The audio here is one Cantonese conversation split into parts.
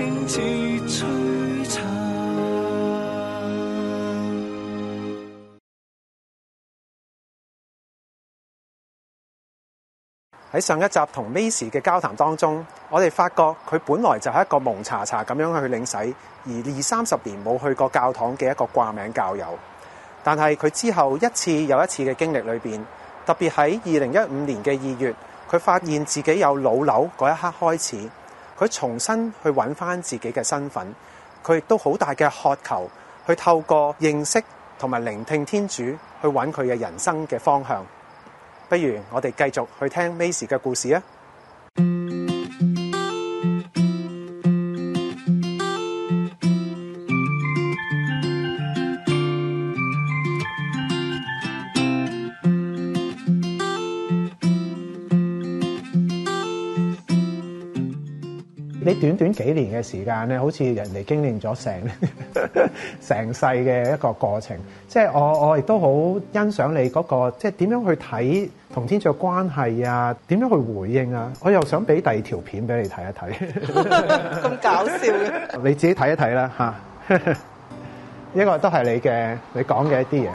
喺上一集同 Macy 嘅交談當中，我哋發覺佢本來就係一個蒙查查咁樣去領洗，而二三十年冇去過教堂嘅一個掛名教友。但係佢之後一次又一次嘅經歷裏邊，特別喺二零一五年嘅二月，佢發現自己有腦瘤嗰一刻開始。佢重新去揾返自己嘅身份，佢亦都好大嘅渴求，去透過認識同埋聆聽天主，去揾佢嘅人生嘅方向。不如我哋繼續去聽 Mace 嘅故事啊！你短短幾年嘅時間咧，好似人哋經歷咗成成世嘅一個過程。即係我我亦都好欣賞你嗰個，即係點樣去睇同天主嘅關係啊？點樣去回應啊？我又想俾第二條片俾你睇一睇。咁 搞笑嘅， 你自己睇一睇啦吓。呢個都係你嘅，你講嘅一啲嘢。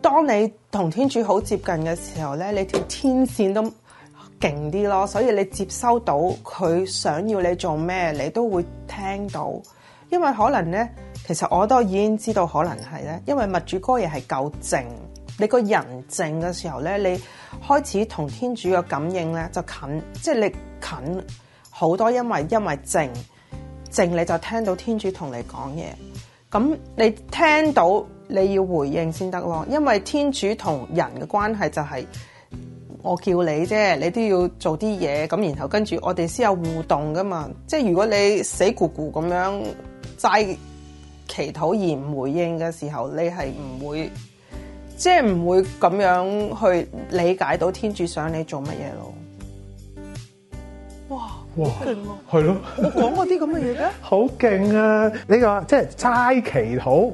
當你同天主好接近嘅時候咧，你條天線都。勁啲咯，所以你接收到佢想要你做咩，你都會聽到。因為可能呢，其實我都已經知道可能係咧，因為物主哥爺係夠靜。你個人靜嘅時候呢，你開始同天主嘅感應呢就近，即係你近好多。因為因為靜靜你就聽到天主同你講嘢。咁你聽到你要回應先得咯，因為天主同人嘅關係就係。我叫你啫，你都要做啲嘢，咁然後跟住我哋先有互動噶嘛。即係如果你死咕咕咁樣齋祈禱而唔回應嘅時候，你係唔會，即係唔會咁樣去理解到天主想你做乜嘢咯。哇，好勁咯，係咯，我講嗰啲咁嘅嘢咧，好勁啊！你話，即係齋祈禱，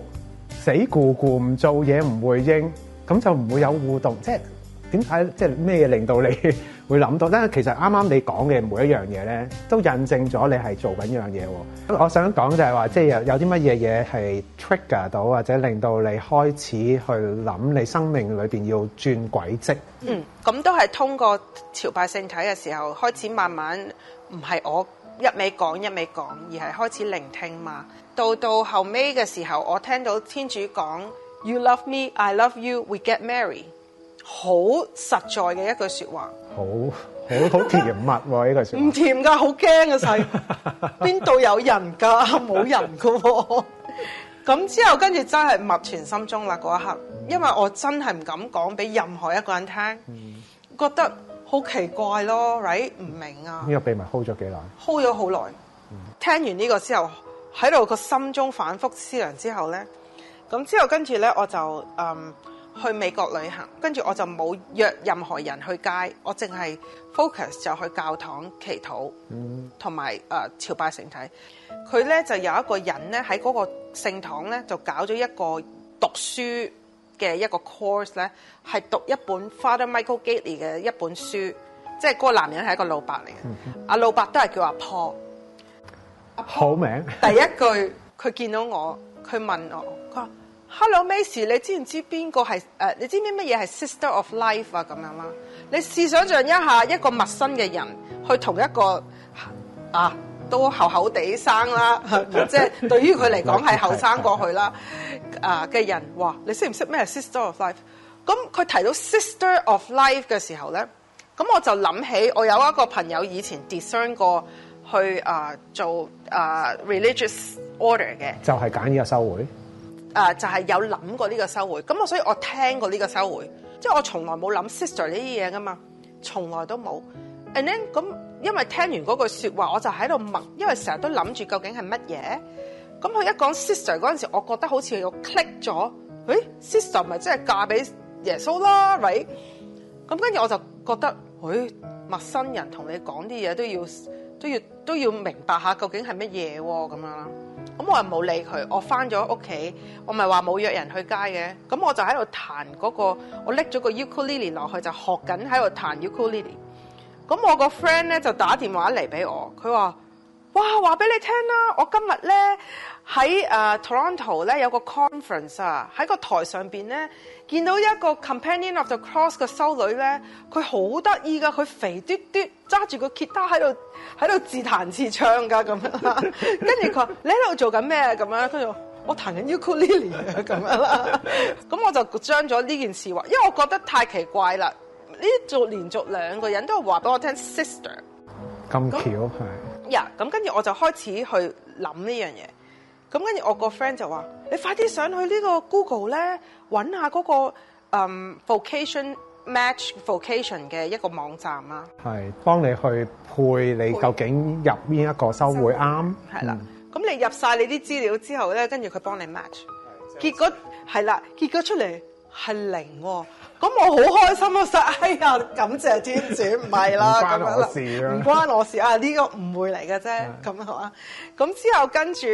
死咕咕唔做嘢唔回應，咁就唔會有互動，即係。點睇即係咩嘢令到你會諗到？但係其實啱啱你講嘅每一樣嘢咧，都印證咗你係做緊呢樣嘢。咁我想講就係話，即係有有啲乜嘢嘢係 trigger 到，或者令到你開始去諗你生命裏邊要轉軌跡。嗯，咁都係通過朝拜聖體嘅時候開始慢慢，唔係我一味講一味講，而係開始聆聽嘛。到到後尾嘅時候，我聽到天主講 “You love me, I love you, we get married。”好實在嘅一句說話好，好好好甜蜜喎！呢句說話唔甜噶，好驚啊！細邊度有人噶，冇人噶。咁之後跟住真係密存心中啦。嗰一刻，因為我真係唔敢講俾任何一個人聽，嗯、覺得好奇怪咯 right？唔明啊？呢個秘密 hold 咗幾耐？hold 咗好耐。嗯、聽完呢個之後，喺度個心中反復思量之後咧，咁之後跟住咧，我就嗯。去美國旅行，跟住我就冇約任何人去街，我淨係 focus 就去教堂祈禱，同埋誒朝拜聖體。佢咧就有一個人咧喺嗰個聖堂咧就搞咗一個讀書嘅一個 course 咧，係讀一本 Father Michael Gailey 嘅一本書，即係嗰個男人係一個老伯嚟嘅，阿、mm hmm. 老伯都係叫阿 Paul，、mm hmm. 阿 Paul 好名， 第一句佢見到我，佢問我，佢 Hello，Macy，你知唔知邊個係誒？你知唔知乜嘢係 Sister of Life 啊？咁樣啦，你試想像一下一個陌生嘅人去同一個啊都厚厚地生啦，即係 對於佢嚟講係後生過去啦啊嘅人， 哇！你識唔識咩係 Sister of Life？咁佢提到 Sister of Life 嘅時候咧，咁我就諗起我有一個朋友以前 discern 過去啊、呃、做啊、呃、religious order 嘅，就係揀呢個修會。誒、uh，就係有諗過呢個收回，咁我所以我聽過呢個收回，即係我從來冇諗 sister 呢啲嘢噶嘛，從來都冇。and then 咁，因為聽完嗰句説話，我就喺度默，因為成日都諗住究竟係乜嘢。咁佢一講 sister 嗰陣時，我覺得好似有 click 咗。誒、欸，sister 咪即係嫁俾耶穌啦，right？咁跟住我就覺得，誒、欸，陌生人同你講啲嘢都要都要都要明白下究竟係乜嘢喎咁樣。咁我又冇理佢，我翻咗屋企，我咪話冇約人去街嘅。咁我就喺度彈嗰、嗰個，我拎咗個 ukulele 落去就在學緊喺度彈 ukulele。咁我個 friend 咧就打電話嚟俾我，佢話，哇，話俾你聽啦，我今日咧。喺、uh, Toronto 咧有個 conference 啊，喺個台上邊咧見到一個 Companion of the Cross 嘅修女咧，佢好得意噶，佢肥嘟嘟揸住個吉他喺度喺度自彈自唱噶咁樣，跟住佢話，你喺度做緊咩？咁樣，跟住我彈緊 ukulele 啊咁樣啦。咁我就將咗呢件事話，因為我覺得太奇怪啦。呢做連續兩個人都話俾我聽，Sister 咁巧係呀。咁跟住我就開始去諗呢樣嘢。咁跟住我個 friend 就話：你快啲上去這個呢找一、那個 Google 咧，揾下嗰、um, 個誒 Vocation Match Vocation 嘅一個網站啦。係，幫你去配你究竟入邊一個收會啱。係啦，咁、嗯、你入晒你啲資料之後咧，跟住佢幫你 match、嗯。結果係啦，結果出嚟係零喎、哦。咁我好開心啊！實哎呀，感謝天主，唔係啦，唔關，關我事啦，唔關我事啊！呢、這個誤會嚟嘅啫，咁啊嘛。咁之後跟住。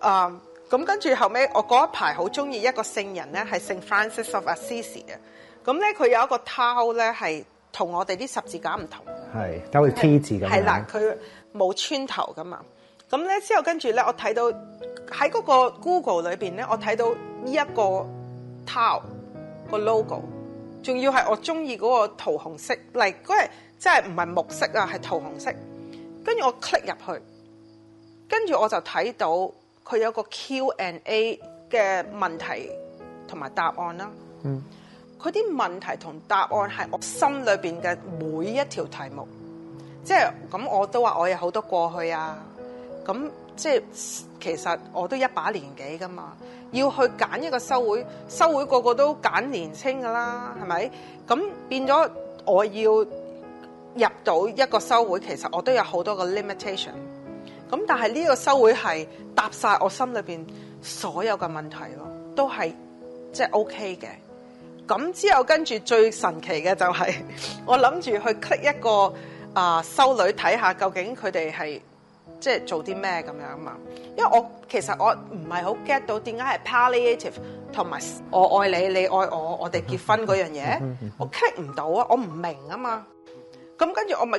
啊，咁、um, 跟住後尾，我嗰一排好中意一個聖人咧，係聖 Francis of Assisi 嘅。咁咧佢有一個 tau 呢咧，係同我哋啲十字架唔同，係攪佢 T 字咁樣。係啦，佢冇穿頭噶嘛。咁、嗯、咧之後跟住咧，我睇到喺嗰個 Google 裏面咧，我睇到呢一個 tau 個 logo，仲要係我中意嗰個桃紅色，嚟嗰係即係唔係木色啊，係桃紅色。跟住我 click 入去，跟住我就睇到。佢有個 Q and A 嘅問題同埋答案啦。嗯，佢啲問題同答案係我心裏邊嘅每一條題目。即係咁，我都話我有好多過去啊。咁即係其實我都一把年紀噶嘛，要去揀一個修會，修會個個都揀年青噶啦，係咪？咁變咗我要入到一個修會，其實我都有好多個 limitation。咁但係呢個修會係答晒我心裏邊所有嘅問題咯，都係即係 OK 嘅。咁之後跟住最神奇嘅就係、是，我諗住去 click 一個啊、呃、修女睇下究竟佢哋係即係做啲咩咁樣嘛。因為我其實我唔係好 get 到點解係 palliative 同埋我愛你你愛我我哋結婚嗰樣嘢， 我 click 唔到啊，我唔明啊嘛。咁跟住我咪，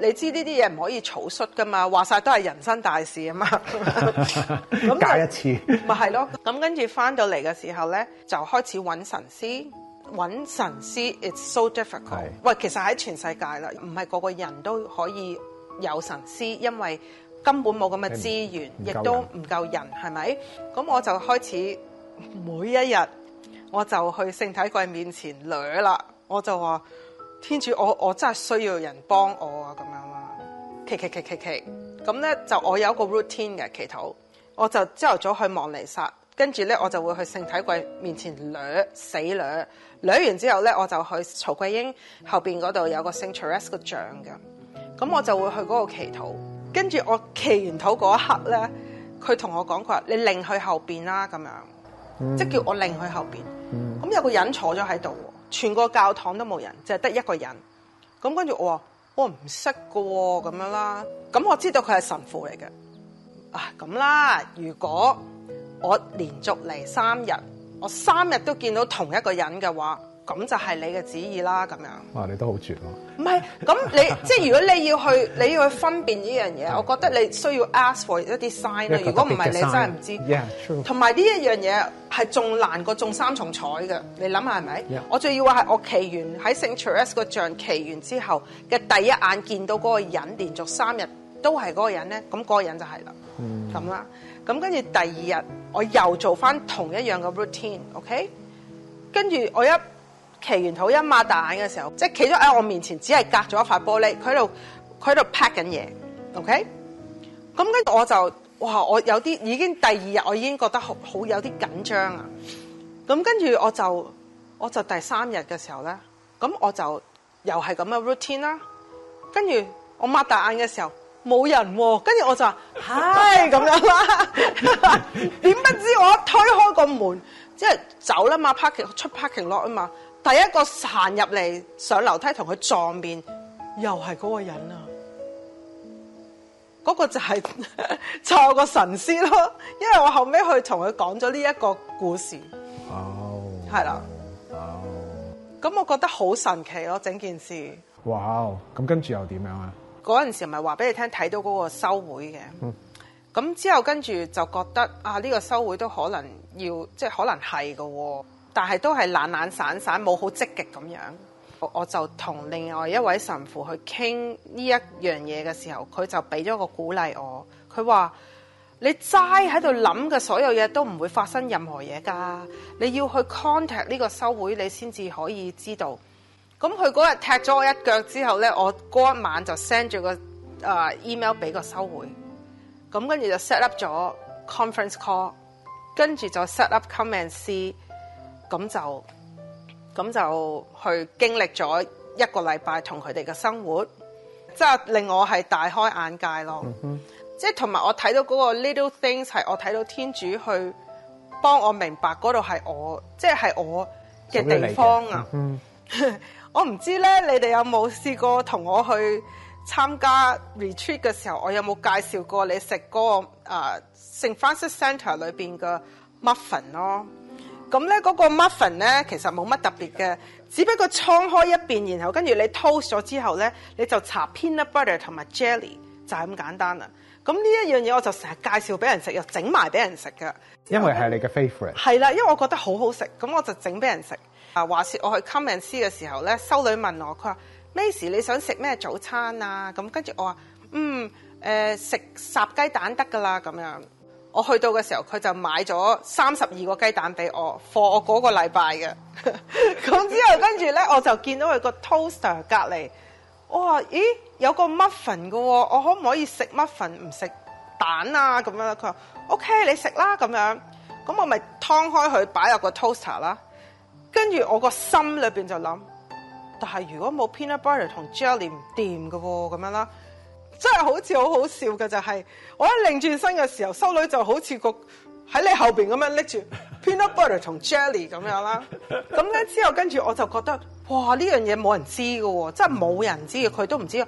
你知呢啲嘢唔可以草率噶嘛，話晒都係人生大事啊嘛。咁搞一次咪係咯，咁跟住翻到嚟嘅時候咧，就開始揾神師，揾神師，it's so difficult。是喂，其實喺全世界啦，唔係個個人都可以有神師，因為根本冇咁嘅資源，亦都唔夠人，係咪？咁我就開始每一日，我就去聖體櫃面前掠啦，我就話。天主我，我我真係需要人幫我啊，咁樣啦，祈祈祈祈祈，咁咧就我有一個 routine 嘅祈禱，我就朝頭早去望彌撒，跟住咧我就會去聖體櫃面前掠死掠，掠完之後咧我就去曹桂英後面嗰度有個聖 Teresa 像嘅，咁我就會去嗰度祈禱，跟住我祈完禱嗰一刻咧，佢同我講佢話你擰去後面啦咁樣，即叫我擰去後面。咁有個人坐咗喺度。全個教堂都冇人，就係得一個人。咁跟住我話，我唔識㗎咁樣啦。咁我知道佢係神父嚟嘅。啊，咁啦，如果我連續嚟三日，我三日都見到同一個人嘅話。咁就係你嘅旨意啦，咁樣。哇！你都好絕喎。唔係，咁你即係如果你要去，你要去分辨呢樣嘢，我覺得你需要 ask for 一啲 sign 啦。如果唔係，你真係唔知。Yeah, true。同埋呢一樣嘢係仲難過中三重彩嘅，你諗下係咪？Yeah. 我最要話係我期完喺 Central、yeah. 個像，期完之後嘅第一眼見到嗰個人，連續三日都係嗰個人咧，咁、那、嗰個人就係啦。咁啦、mm.，咁跟住第二日我又做翻同一樣嘅 routine，OK？、Okay? 跟住我一。奇完土一擘大眼嘅時候，即係企咗喺我面前，只係隔咗一塊玻璃，佢喺度佢喺度 pack 緊嘢，OK？咁跟住我就哇，我有啲已經第二日，我已經覺得好好有啲緊張啊。咁跟住我就我就第三日嘅時候咧，咁我就又係咁樣 routine 啦。跟住我擘大眼嘅時候冇人、啊，跟住我就話唉咁樣啦。點不知我一推開個門，即係走啦嘛，parking 出 parking lot 啊嘛。係一個行入嚟上樓梯同佢撞面，又係嗰個人啊！嗰個就係錯過神仙咯，因為我後尾去同佢講咗呢一個故事。哦、oh, 咯，係啦。哦，咁我覺得好神奇咯，整件事。哇、wow,！咁跟住又點樣啊？嗰陣時咪話俾你聽睇到嗰個收會嘅。咁、hmm. 之後跟住就覺得啊，呢、這個收會都可能要，即係可能係噶、哦。但係都係懶懶散散，冇好積極咁樣。我就同另外一位神父去傾呢一樣嘢嘅時候，佢就俾咗個鼓勵我。佢話：你齋喺度諗嘅所有嘢都唔會發生任何嘢㗎。你要去 contact 呢個修會，你先至可以知道。咁佢嗰日踢咗我一腳之後呢，我嗰一晚就 send 咗個 email 俾、呃、個修會。咁跟住就 set up 咗 conference call，跟住就 set up come and see 咁就咁就去經歷咗一個禮拜同佢哋嘅生活，即係令我係大開眼界咯。即係同埋我睇到嗰個 little things 係我睇到天主去幫我明白嗰度係我，即係我嘅地方啊。的 mm hmm. 我唔知咧，你哋有冇試過同我去參加 retreat 嘅時候，我有冇介紹過你食嗰、那個啊、uh, St. Francis Centre 裏邊嘅 muffin 咯？咁咧，嗰個 muffin 咧，其實冇乜特別嘅，只不過敞開一邊，然後跟住你 toast 咗之後咧，你就搽 peanut butter 同埋 jelly 就係咁簡單啦。咁呢一樣嘢我就成日介紹俾人食，又整埋俾人食㗎，因為係你嘅 favourite。係啦，因為我覺得好好食，咁我就整俾人食。啊，話說我去 Come and See 嘅時候咧，修女問我，佢話咩時你想食咩早餐啊？咁跟住我話，嗯食烚、呃、雞蛋得㗎啦咁樣。我去到嘅時候，佢就買咗三十二個雞蛋俾我，貨我嗰個禮拜嘅。咁 之後跟住咧， 我就見到佢個 toaster 隔離，我話：咦，有個 muffin 嘅喎，哦，我可唔可以食 muffin 唔食蛋啊？咁樣咧，佢話：O K，你食啦咁樣。咁、OK，我咪劏開佢擺入個 toaster 啦。跟住我個心裏邊就諗，但係如果冇 peanut butter 同 jelly 唔掂嘅喎，咁樣啦。真係好似好好笑嘅就係、是，我一擰轉身嘅時候，修女就好似個喺你後邊咁樣拎住 peanut butter 同 jelly 咁樣啦。咁咧之後跟住我就覺得，哇！呢樣嘢冇人知㗎喎，真係冇人知嘅，佢都唔知。咁、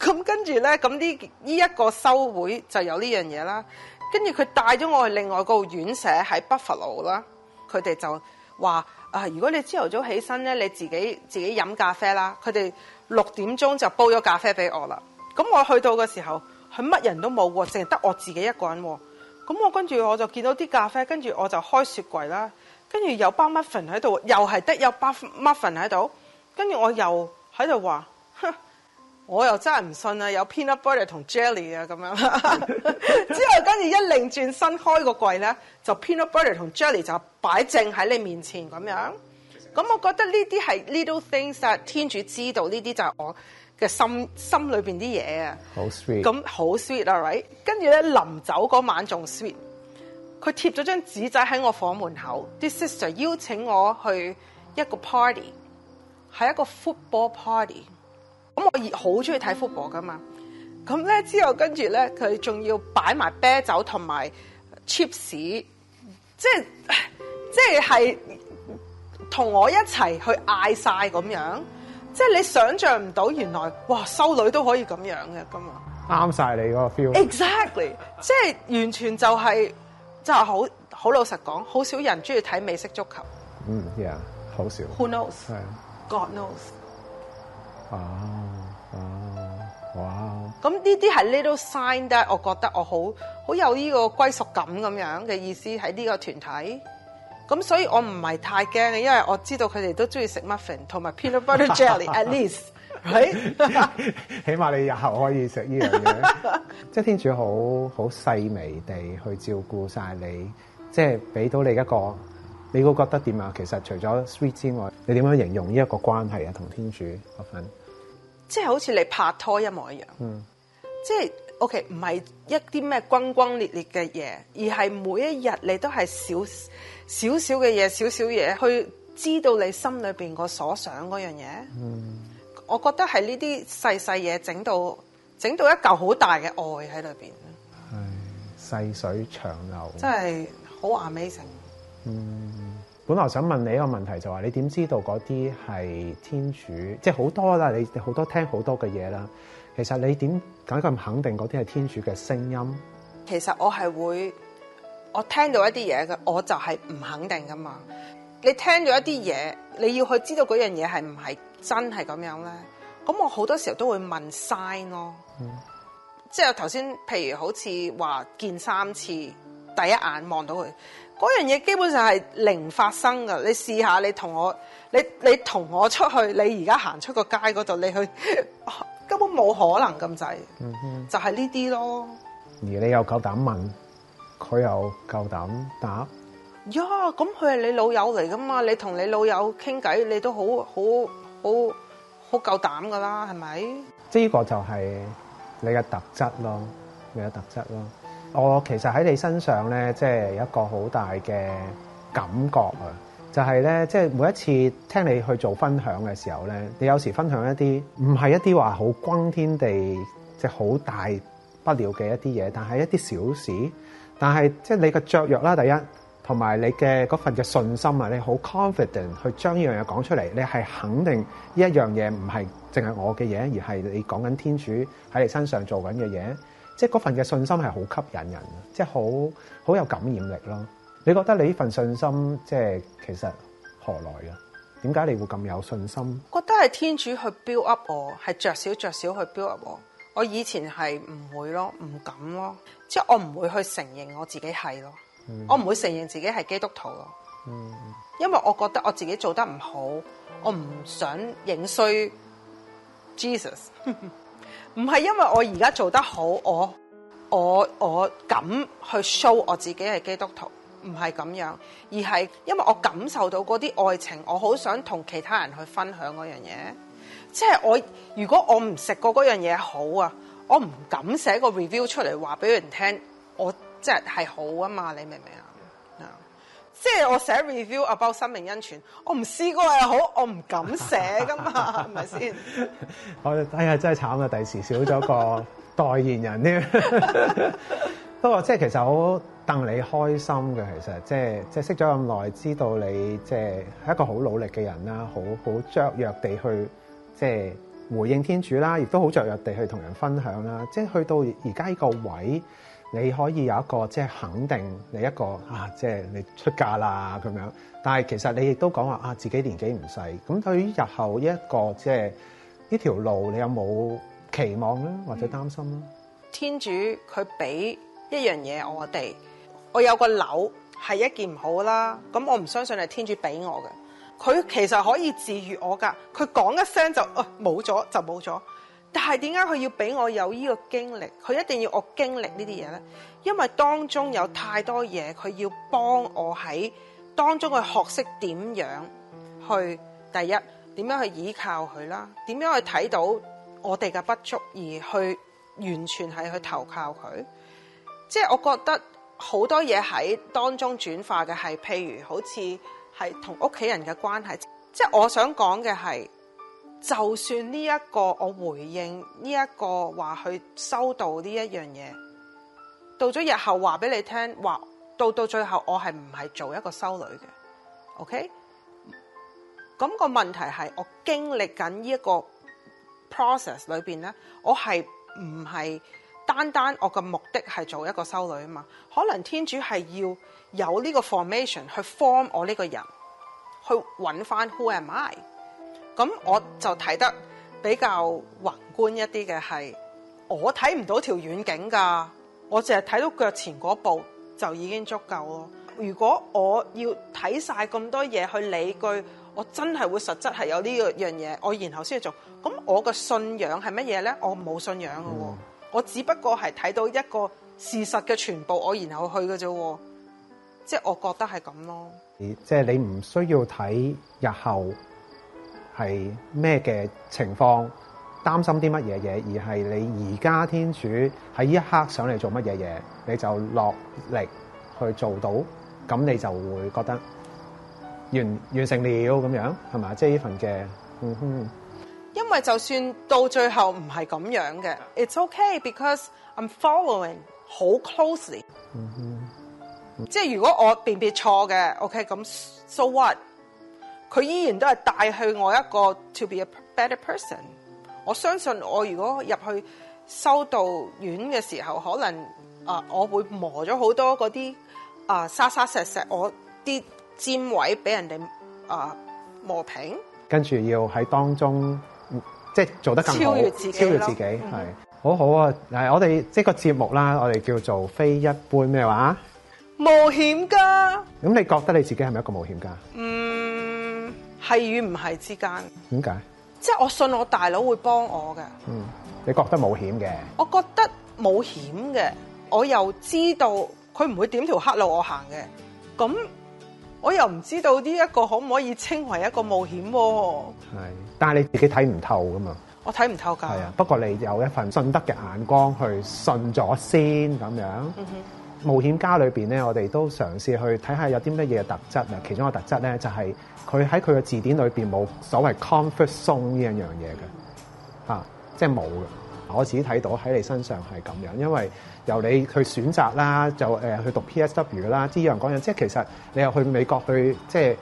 嗯、跟住咧，咁呢呢一個修會就有呢樣嘢啦。跟住佢帶咗我去另外個院舍喺北佛路啦。佢哋就話啊，如果你朝頭早起身咧，你自己自己飲咖啡啦。佢哋六點鐘就煲咗咖啡俾我啦。咁我去到嘅時候，佢乜人都冇喎，淨係得我自己一個人喎。咁我跟住我就見到啲咖啡，跟住我就開雪櫃啦。跟住有包 muffin 喺度，又係得有包 muffin 喺度。跟住我又喺度話，我又真係唔信啊！有 peanut butter 同 jelly 啊咁樣。 之後跟住一擰轉身開個櫃咧，就 peanut butter 同 jelly 就擺正喺你面前咁樣。咁 我覺得呢啲係 little things 啦，天主知道呢啲就係我。嘅心心裏邊啲嘢啊，好 sweet 咁好 sweet 啊 right，跟住咧臨走嗰晚仲 sweet，佢貼咗張紙仔喺我的房門口，啲 sister 邀請我去一個 party，係一個 football party，咁我好中意睇 football 噶嘛，咁咧之後跟住咧佢仲要擺埋啤酒同埋 chips，即係即係係同我一齊去嗌晒咁樣。即係你想象唔到，原來哇，修女都可以咁樣嘅，噶嘛啱晒你嗰個 feel。Exactly，即係完全就係、係，即係好好老實講，好少人中意睇美式足球。嗯、mm，yeah，好少。Who knows？係。Yeah. God knows。哇！哇！哇！咁呢啲係 little sign that。我覺得我好好有呢個歸屬感咁樣嘅意思喺呢個團體。咁所以，我唔係太驚嘅，因為我知道佢哋都中意食 muffin，同埋 peanut butter jelly at least，係、right? 起碼你日後可以食呢樣嘢。 即係天主好好細微地去照顧晒你，即係俾到你一個，你會覺得點啊？其實除咗 sweet 之外，你點樣形容呢一個關係啊？同天主份，即係好似你拍拖一模一樣。嗯，即係。OK，唔係一啲咩轟轟烈烈嘅嘢，而係每一日你都係少少少嘅嘢，少少嘢去知道你心裏邊個所想嗰樣嘢。嗯，我覺得係呢啲細細嘢整到整到一嚿好大嘅愛喺裏邊。係細水長流，真係好 amazing。嗯，本來想問你一個問題，就話，就係你點知道嗰啲係天主？即係好多啦，你好多聽好多嘅嘢啦。其實你點解咁肯定嗰啲係天主嘅聲音？其實我係會我聽到一啲嘢嘅，我就係唔肯定噶嘛。你聽咗一啲嘢，你要去知道嗰樣嘢係唔係真係咁樣咧？咁我好多時候都會問曬咯，嗯、即係頭先，譬如好似話見三次第一眼望到佢嗰樣嘢，基本上係零發生噶。你試下你跟，你同我你你同我出去，你而家行出個街嗰度，你去。 根本冇可能咁滯，就係呢啲咯、嗯。而你又夠膽問，佢又夠膽答。呀，咁佢係你老友嚟噶嘛？你同你老友傾偈，你都好好好好夠膽噶啦，係咪？呢個就係你嘅特質咯，你嘅特質咯。我其實喺你身上咧，即係一個好大嘅感覺啊！就係咧，即係每一次聽你去做分享嘅時候咧，你有時分享一啲唔係一啲話好轟天地，即係好大不了嘅一啲嘢，但係一啲小事，但係即係你嘅雀躍啦，第一，同埋你嘅嗰份嘅信心啊，你好 confident 去將呢樣嘢講出嚟，你係肯定呢一樣嘢唔係淨係我嘅嘢，而係你講緊天主喺你身上做緊嘅嘢，即係嗰份嘅信心係好吸引人，即係好好有感染力咯。你覺得你呢份信心即係其實何來嘅？點解你會咁有信心？覺得係天主去 build up 我，係着少着少去 build up 我。我以前係唔會咯，唔敢咯，即係我唔會去承認我自己係咯，嗯、我唔會承認自己係基督徒咯。嗯，因為我覺得我自己做得唔好，我唔想影衰 Jesus。唔 係因為我而家做得好，我我我敢去 show 我自己係基督徒。唔係咁樣，而係因為我感受到嗰啲愛情，我好想同其他人去分享嗰樣嘢。即係我如果我唔食過嗰樣嘢好啊，我唔敢寫個 review 出嚟話俾人聽，我即係好啊嘛，你明唔明啊？No. 即係我寫 review about 生命恩泉，我唔試過又好，我唔敢寫噶嘛，係咪先？我，哎呀，真係慘啊！第時少咗個代言人添。 不過，即係其實好戥你開心嘅，其實即係即係識咗咁耐，知道你即係係一個好努力嘅人啦，好好雀躍地去即係回應天主啦，亦都好雀躍地去同人分享啦。即係去到而家呢個位，你可以有一個即係肯定你一個啊，即係你出嫁啦咁樣。但係其實你亦都講話啊，自己年紀唔細。咁對於日後呢一個即係呢條路，你有冇期望咧，或者擔心咧？天主佢俾。一樣嘢，我哋我有個瘤係一件唔好啦。咁我唔相信係天主俾我嘅，佢其實可以治愈我噶。佢講一聲就，哦冇咗就冇咗。但係點解佢要俾我有呢個經歷？佢一定要我經歷呢啲嘢呢？因為當中有太多嘢，佢要幫我喺當中去學識點樣去第一點樣去依靠佢啦，點樣去睇到我哋嘅不足，而去完全係去投靠佢。即係我覺得好多嘢喺當中轉化嘅係，譬如好似係同屋企人嘅關係。即係我想講嘅係，就算呢一個我回應呢一個話去修道呢一樣嘢，到咗日後話俾你聽，話到到最後我係唔係做一個修女嘅？OK？咁個問題係我經歷緊呢一個 process 裏邊咧，我係唔係？單單我嘅目的係做一個修女啊嘛，可能天主係要有呢個 formation 去 form 我呢個人，去揾翻 Who am I？咁、嗯、我就睇得比較宏觀一啲嘅係，我睇唔到條遠景㗎，我淨係睇到腳前嗰步就已經足夠咯。如果我要睇晒咁多嘢去理據，我真係會實質係有呢樣嘢，我然後先去做咁，我嘅信仰係乜嘢咧？我冇信仰嘅喎。我只不過係睇到一個事實嘅全部，我然後去嘅啫喎，即係我覺得係咁咯。即係你唔需要睇日後係咩嘅情況，擔心啲乜嘢嘢，而係你而家天主喺一刻想嚟做乜嘢嘢，你就落力去做到，咁你就會覺得完完成了咁樣係咪？即係呢份嘅嗯哼。因為就算到最後唔係咁樣嘅，It's okay because I'm following 好 closely、mm。Hmm. Mm hmm. 即係如果我辨別錯嘅，OK，咁 so what？佢依然都係帶去我一個 to be a better person。我相信我如果入去修道院嘅時候，可能啊，uh, 我會磨咗好多嗰啲啊沙沙石石，我啲尖位俾人哋啊、uh, 磨平。跟住要喺當中。即係做得咁超，超越自己，超越自己係、嗯，好好啊！嗱，我哋即係個節目啦，我哋叫做非一般咩話？冒險家。咁你覺得你自己係咪一個冒險家？嗯，係與唔係之間。點解？即係我信我大佬會幫我嘅。嗯，你覺得冒險嘅？我覺得冒險嘅，我又知道佢唔會點條黑路我行嘅，咁。我又唔知道呢一個可唔可以稱為一個冒險喎、啊？係，但係你自己睇唔透噶嘛？我睇唔透㗎。係啊，不過你有一份信德嘅眼光去信咗先咁樣。嗯、哼冒險家裏面咧，我哋都嘗試去睇下有啲乜嘢特質啊。其中一個特質咧，就係佢喺佢嘅字典裏面冇所謂 comfort zone 呢樣嘢嘅、啊，即係冇我自己睇到喺你身上係咁樣，因為由你去選擇啦，就誒去讀 PSW 啦，啲人講嘢，即係其實你又去美國去，去，即係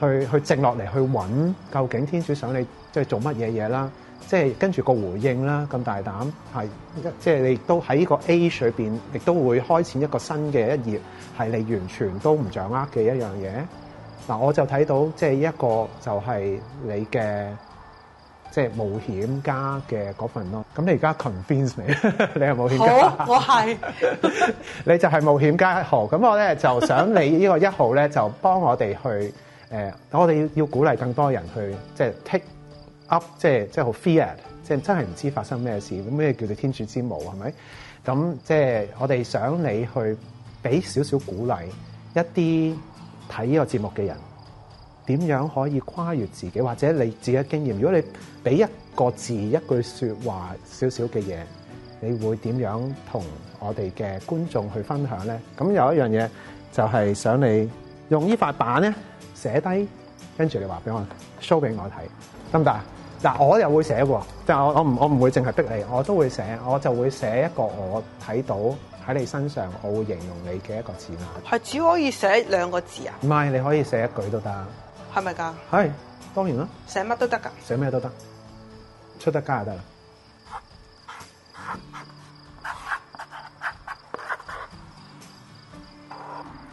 去靜去靜落嚟去揾究竟天主想你即係做乜嘢嘢啦，即係跟住個回應啦，咁大膽，係，即係你都喺呢個 A 水邊亦都會開始一個新嘅一頁，係你完全都唔掌握嘅一樣嘢。嗱，我就睇到即係一個就係你嘅。即係冒險家嘅份咯，咁你而家 convince 你你係冒險家。好，我係， 你就係冒險家一號，咁我咧就想你呢個一號咧，就幫我哋去誒、呃、我哋要要鼓勵更多人去即係、就是、take up，即係即係好 fear，即係真係唔知發生咩事，咁咩叫做天主之母係咪？咁即係我哋想你去俾少少鼓勵一啲睇呢個節目嘅人。點樣可以跨越自己，或者你自己經驗？如果你俾一個字、一句説話、少少嘅嘢，你會點樣同我哋嘅觀眾去分享咧？咁有一樣嘢就係想你用依塊板咧寫低，跟住你話俾我，show 俾我睇得唔得？嗱，我又會寫喎，即係我我唔我唔會淨係逼你，我都會寫，我就會寫一個我睇到喺你身上，我會形容你嘅一個字眼。係只可以寫兩個字啊？唔係，你可以寫一句都得。係咪噶係，當然啦。寫乜都得噶寫咩都得，出得家就得啦。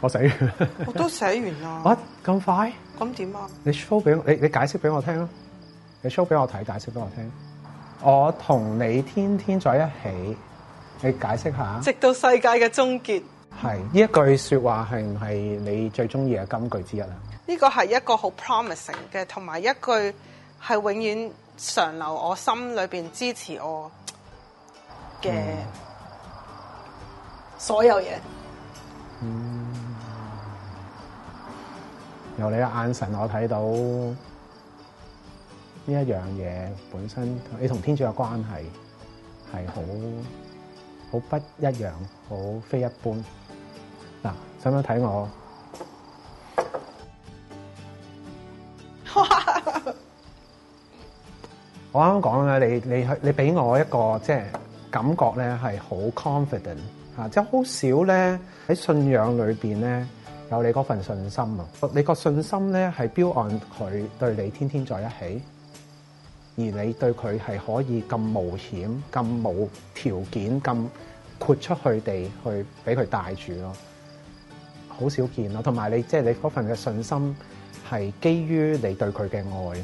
我寫完，我都寫完啦。喂、啊，咁快？咁點啊你你你？你 show 俾我，你你解釋俾我聽咯。你 show 俾我睇，解釋俾我聽。我同你天天在一起，你解釋下。直到世界嘅終結。係呢一句說話係唔係你最中意嘅金句之一啊？呢個係一個好 promising 嘅，同埋一句係永遠常留我心裏邊支持我嘅所有嘢、嗯。嗯，由你嘅眼神我睇，我睇到呢一樣嘢本身，你同天主嘅關係係好，係好好不一樣，好非一般。嗱，想唔想睇我？我啱啱講啦，你你去你俾我一個即係感覺咧，係好 confident 嚇、啊，即係好少咧喺信仰裏邊咧有你嗰份信心啊！你個信心咧係 built on 佢對你天天在一起，而你對佢係可以咁冒險、咁冇條件、咁豁出去地去俾佢帶住咯，好、啊、少見咯。同、啊、埋你即係、就是、你嗰份嘅信心係基於你對佢嘅愛。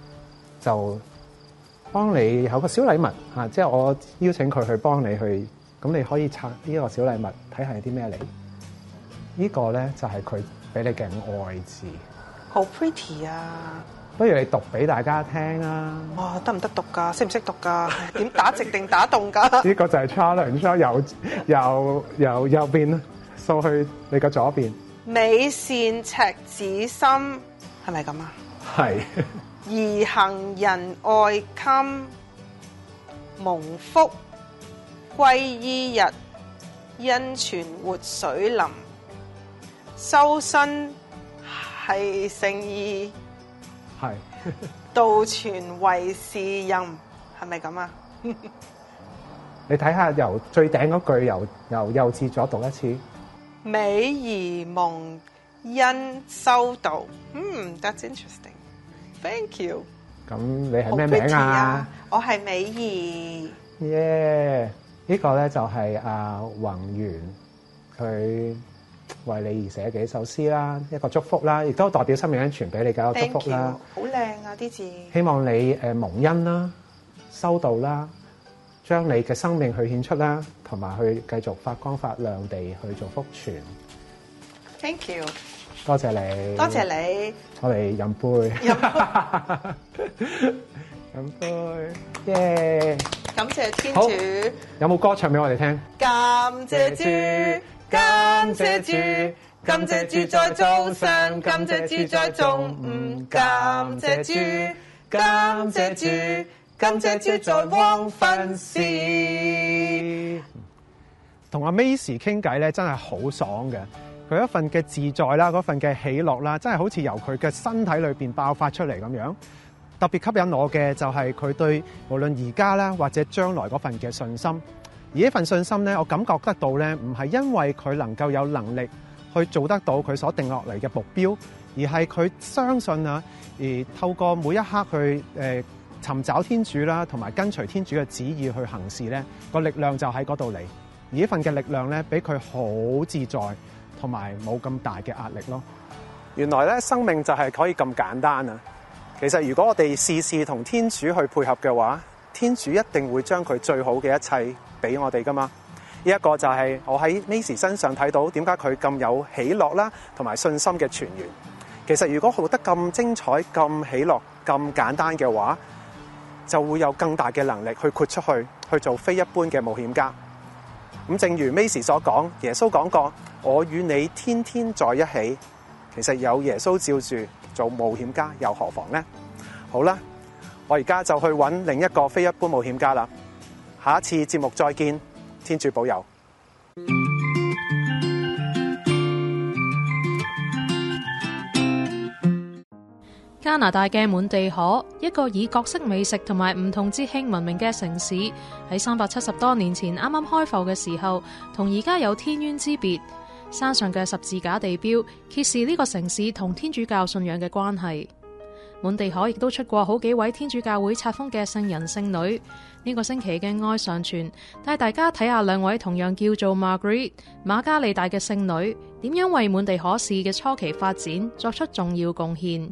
就幫你有個小禮物嚇、啊，即係我邀請佢去幫你去，咁你可以拆呢個小禮物睇下有啲咩嚟？這個、呢個咧就係佢俾你嘅愛字，好 pretty 啊！不如你讀俾大家聽啊！哇、哦，得唔得讀噶？識唔識讀噶？點 打直定打棟噶？呢個就係 challenge，由由由右邊掃去你個左邊，美善赤子心係咪咁啊？係。而行人愛襟蒙福，歸依日恩泉活水臨修身係聖意，係是 道全為是任，係咪咁啊？ 你睇下由最頂嗰句，由由右至左讀一次。美而蒙恩修道，嗯，that's interesting。Thank you。咁你係咩名啊？我係美儀。Yeah，呢個咧就係阿宏源，佢為你而寫幾首詩啦，一個祝福啦，亦都代表生命傳俾你嘅祝福啦。好靚啊！啲字。希望你誒蒙恩啦，修道啦，將你嘅生命去獻出啦，同埋去繼續發光發亮地去做福傳。Thank you，多謝你，多謝你，我哋飲杯，飲杯，耶 ！Yeah. 感謝天主，有冇歌唱俾我哋聽？感謝主，感謝主，感謝主在早上，感謝主在中午，感謝主，感謝主，感謝主在黃昏時。同阿 Maisy 傾偈咧，真係好爽嘅。佢一份嘅自在啦，嗰份嘅喜樂啦，真係好似由佢嘅身體裏邊爆發出嚟咁樣。特別吸引我嘅就係佢對無論而家啦，或者將來嗰份嘅信心。而呢份信心咧，我感覺得到咧，唔係因為佢能夠有能力去做得到佢所定落嚟嘅目標，而係佢相信啊。而透過每一刻去誒尋找天主啦，同埋跟隨天主嘅旨意去行事咧，個力量就喺嗰度嚟。而呢份嘅力量咧，俾佢好自在。同埋冇咁大嘅壓力咯。原來咧，生命就係可以咁簡單啊。其實，如果我哋事事同天主去配合嘅話，天主一定會將佢最好嘅一切俾我哋噶嘛。呢一個就係我喺 Maisie 身上睇到點解佢咁有喜樂啦，同埋信心嘅泉源。其實，如果活得咁精彩、咁喜樂、咁簡單嘅話，就會有更大嘅能力去豁出去去做非一般嘅冒險家。咁正如 Maisie 所講，耶穌講過。我與你天天在一起，其實有耶穌照住，做冒險家又何妨呢？好啦，我而家就去揾另一個非一般冒險家啦。下一次節目再見，天主保佑。加拿大嘅滿地可，一個以各式美食同埋唔同之興聞名嘅城市，喺三百七十多年前啱啱開埠嘅時候，同而家有天淵之別。山上嘅十字架地標揭示呢個城市同天主教信仰嘅關係，滿地可亦都出過好幾位天主教會冊封嘅聖人聖女。呢、這個星期嘅愛上傳帶大家睇下兩位同樣叫做 Marguerite、er、馬加利大嘅聖女點樣為滿地可市嘅初期發展作出重要貢獻。